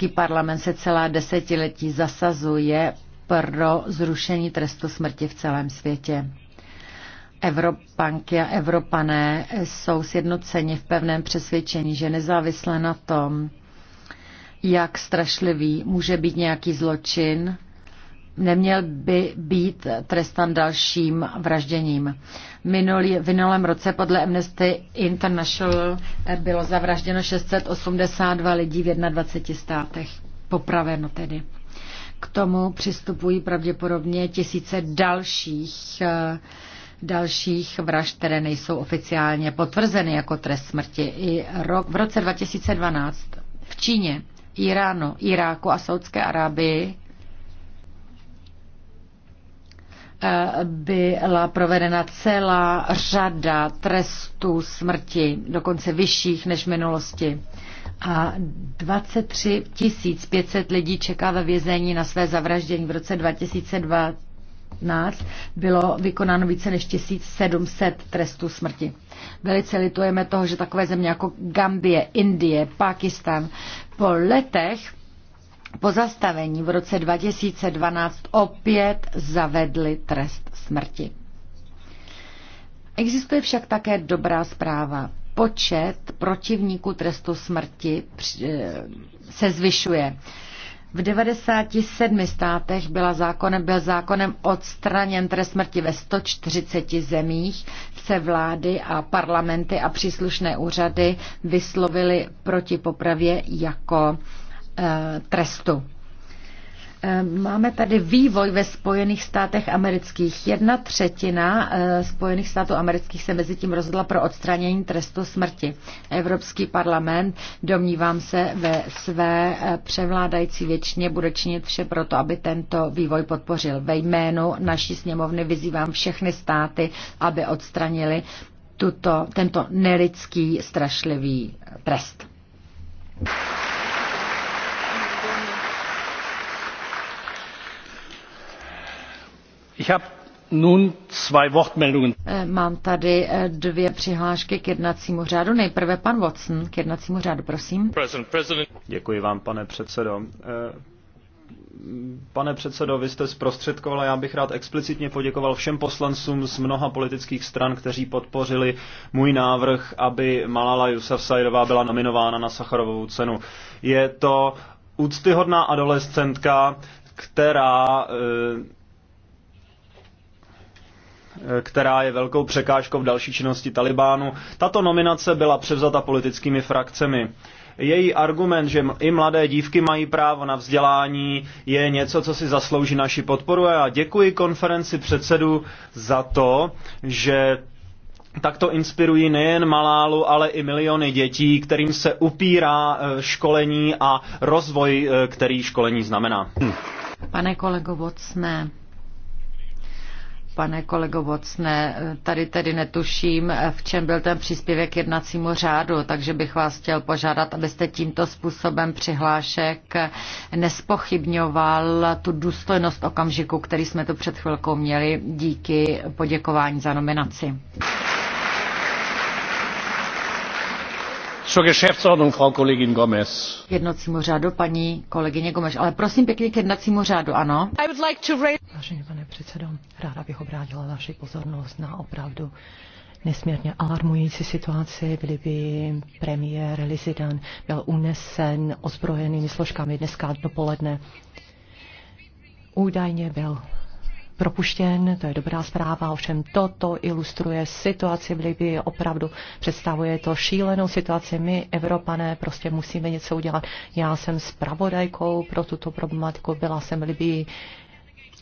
Evropský parlament se celá desetiletí zasazuje pro zrušení trestu smrti v celém světě. Evropanky a Evropané jsou sjednoceni v pevném přesvědčení, že nezávisle na tom, jak strašlivý může být nějaký zločin, neměl by být trestan dalším vražděním. Minulý, v minulém roce podle Amnesty International bylo zavražděno 682 lidí v 21 státech. Popraveno tedy. K tomu přistupují pravděpodobně tisíce dalších dalších vražd, které nejsou oficiálně potvrzeny jako trest smrti. I rok, v roce 2012 v Číně, Iránu, Iráku a Saudské Arábii byla provedena celá řada trestů smrti, dokonce vyšších než v minulosti. A 23 500 lidí čeká ve vězení na své zavraždění v roce 2012. Bylo vykonáno více než 1700 trestů smrti. Velice litujeme toho, že takové země jako Gambie, Indie, Pakistan po letech pozastavení v roce 2012 opět zavedli trest smrti. Existuje však také dobrá zpráva. Počet protivníků trestu smrti eh, se zvyšuje. V 97 státech byla zákonem, byl zákonem odstraněn trest smrti ve 140 zemích. Se vlády a parlamenty a příslušné úřady vyslovili proti popravě jako Eh, trestu. Eh, máme tady vývoj ve Spojených státech amerických. Jedna třetina eh, Spojených států amerických se mezi tím rozhodla pro odstranění trestu smrti. Evropský parlament, domnívám se, ve své převládající většině bude činit vše proto, aby tento vývoj podpořil. Ve jménu naší sněmovny vyzývám všechny státy, aby odstranili tuto, tento nelidský strašlivý trest. Eh, mám tady eh, dvě přihlášky k jednacímu řádu. Nejprve pan Watson k jednacímu řádu, prosím. Děkuji vám, pane předsedo. Eh, pane předsedo, vy jste zprostředkoval a já bych rád explicitně poděkoval všem poslancům z mnoha politických stran, kteří podpořili můj návrh, aby Malala Yousafzaiová byla nominována na Sacharovou cenu. Je to úctyhodná adolescentka, která eh, eh, která je velkou překážkou v další činnosti Talibánu. Tato nominace byla převzata politickými frakcemi. Její argument, že i mladé dívky mají právo na vzdělání, je něco, co si zaslouží naši podporu. A já děkuji konferenci předsedu za to, že Takto inspirují nejen Malálu, ale i miliony dětí, kterým se upírá eh, školení a rozvoj, eh, který školení znamená. Hm. Pane kolego Vocné, pane kolego Vocné, eh, tady tedy netuším, v čem byl ten příspěvek jednacímu řádu, takže bych vás chtěl požádat, abyste tímto způsobem přihlášek nespochybňoval tu důstojnost okamžiku, který jsme tu před chvilkou měli díky poděkování za nominaci. Zur Geschäftsordnung, Frau Kollegin Gomez. Jednacímu řádu, paní kolegyně Gomez. Ale prosím pěkně k jednacímu řádu, ano? I would like to raise... Vážený pane předsedo, ráda bych obrátila vaši pozornost na opravdu nesmírně alarmující situaci v Libii. Premiér Lizidan byl unesen ozbrojenými složkami dneska dopoledne. Údajně byl propuštěn, to je dobrá zpráva, ovšem toto ilustruje situaci v Libii, opravdu představuje to šílenou situaci. My, Evropané, prostě musíme něco udělat. Já jsem spravodajkou pro tuto problematiku, byla jsem v Libii,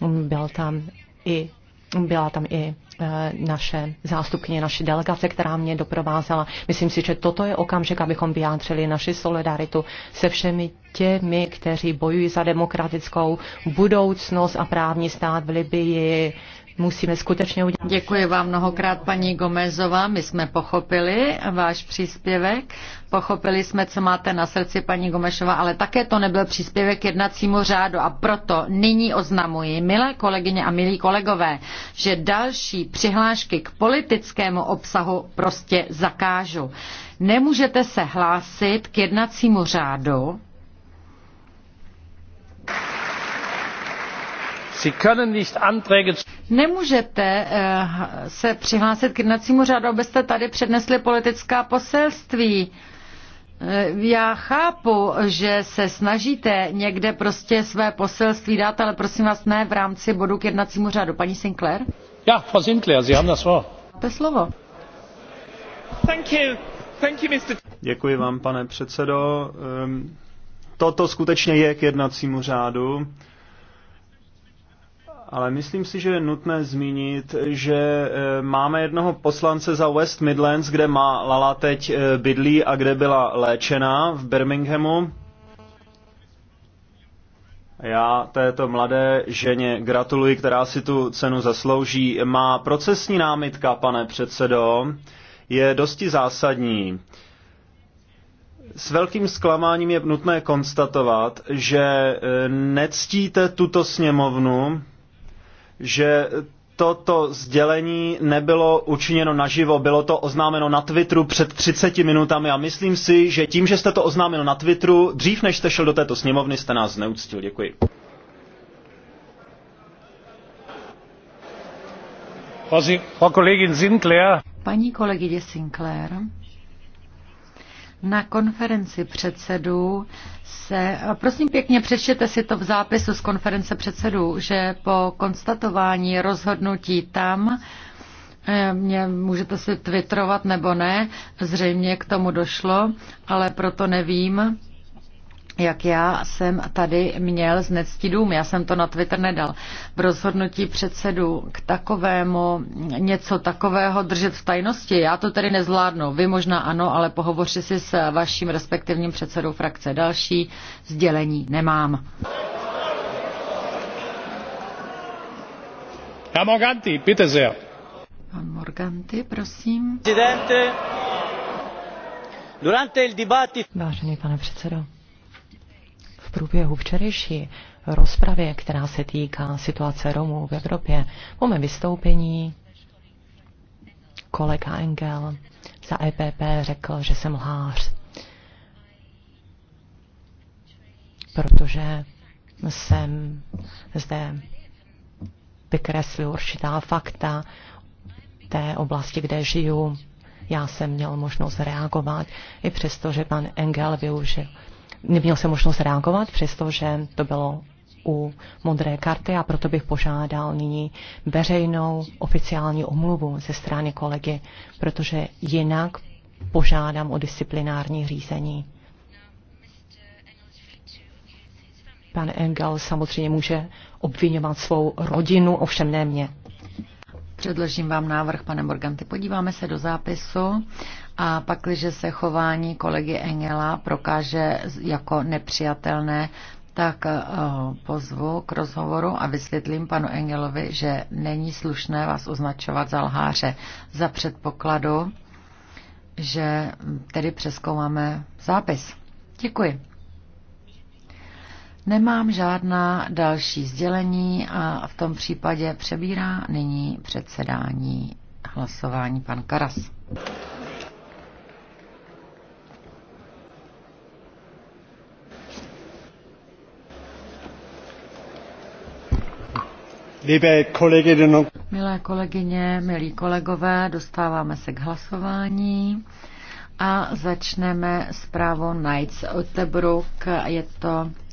mm, byl tam i byla tam i e, naše zástupkyně, naše delegace, která mě doprovázela. Myslím si, že toto je okamžik, abychom vyjádřili naši solidaritu se všemi těmi, kteří bojují za demokratickou budoucnost a právní stát v Libii, musíme skutečně udělat. Děkuji vám mnohokrát, paní Gomezová. My jsme pochopili váš příspěvek. Pochopili jsme, co máte na srdci, paní Gomešová, ale také to nebyl příspěvek jednacímu řádu a proto nyní oznamuji, milé kolegyně a milí kolegové, že další přihlášky k politickému obsahu prostě zakážu. Nemůžete se hlásit k jednacímu řádu, Nemůžete eh, se přihlásit k jednacímu řádu, abyste tady přednesli politická poselství. Eh, já chápu, že se snažíte někde prostě své poselství dát, ale prosím vás ne v rámci bodu k jednacímu řádu. Paní Sinclair? Ja, Frau Sinclair, Sie haben das Wort. Máte slovo. Thank you. Thank you, Mr. Děkuji vám, pane předsedo. Ehm, toto skutečně je k jednacímu řádu ale myslím si, že je nutné zmínit, že e, máme jednoho poslance za West Midlands, kde má Lala teď e, bydlí a kde byla léčena v Birminghamu. Já této mladé ženě gratuluji, která si tu cenu zaslouží. Má procesní námitka, pane předsedo, je dosti zásadní. S velkým zklamáním je nutné konstatovat, že e, nectíte tuto sněmovnu, že toto sdělení nebylo učiněno naživo, bylo to oznámeno na Twitteru před 30 minutami a myslím si, že tím, že jste to oznámil na Twitteru, dřív než jste šel do této sněmovny, jste nás neuctil. Děkuji. Paní kolegyně Sinclair. Na konferenci předsedů se, prosím pěkně, přečtěte si to v zápisu z konference předsedů, že po konstatování rozhodnutí tam, eh, mě můžete si twitterovat nebo ne, zřejmě k tomu došlo, ale proto nevím, jak já jsem tady měl z dům. Já jsem to na Twitter nedal. V rozhodnutí předsedu k takovému, něco takového držet v tajnosti. Já to tedy nezvládnu. Vy možná ano, ale pohovořte si s vaším respektivním předsedou frakce. Další sdělení nemám. Morganti, bitte se? Pan Morganti, prosím. Vážený pane předsedo, průběhu včerejší rozpravě, která se týká situace Romů v Evropě, po mém vystoupení kolega Engel za EPP řekl, že jsem lhář, protože jsem zde vykreslil určitá fakta té oblasti, kde žiju. Já jsem měl možnost reagovat, i přesto, že pan Engel využil neměl jsem možnost reagovat, přestože to bylo u modré karty a proto bych požádal nyní veřejnou oficiální omluvu ze strany kolegy, protože jinak požádám o disciplinární řízení. Pan Engel samozřejmě může obvinovat svou rodinu, ovšem ne mě. Předložím vám návrh, pane Morganty. Podíváme se do zápisu a pak, když se chování kolegy Engela prokáže jako nepřijatelné, tak eh, pozvu k rozhovoru a vysvětlím panu Engelovi, že není slušné vás označovat za lháře za předpokladu, že tedy přeskoumáme zápis. Děkuji. Nemám žádná další sdělení a v tom případě přebírá nyní předsedání hlasování pan Karas. Milé kolegyně, milí kolegové, dostáváme se k hlasování a začneme zprávou Knights otebruk. Je to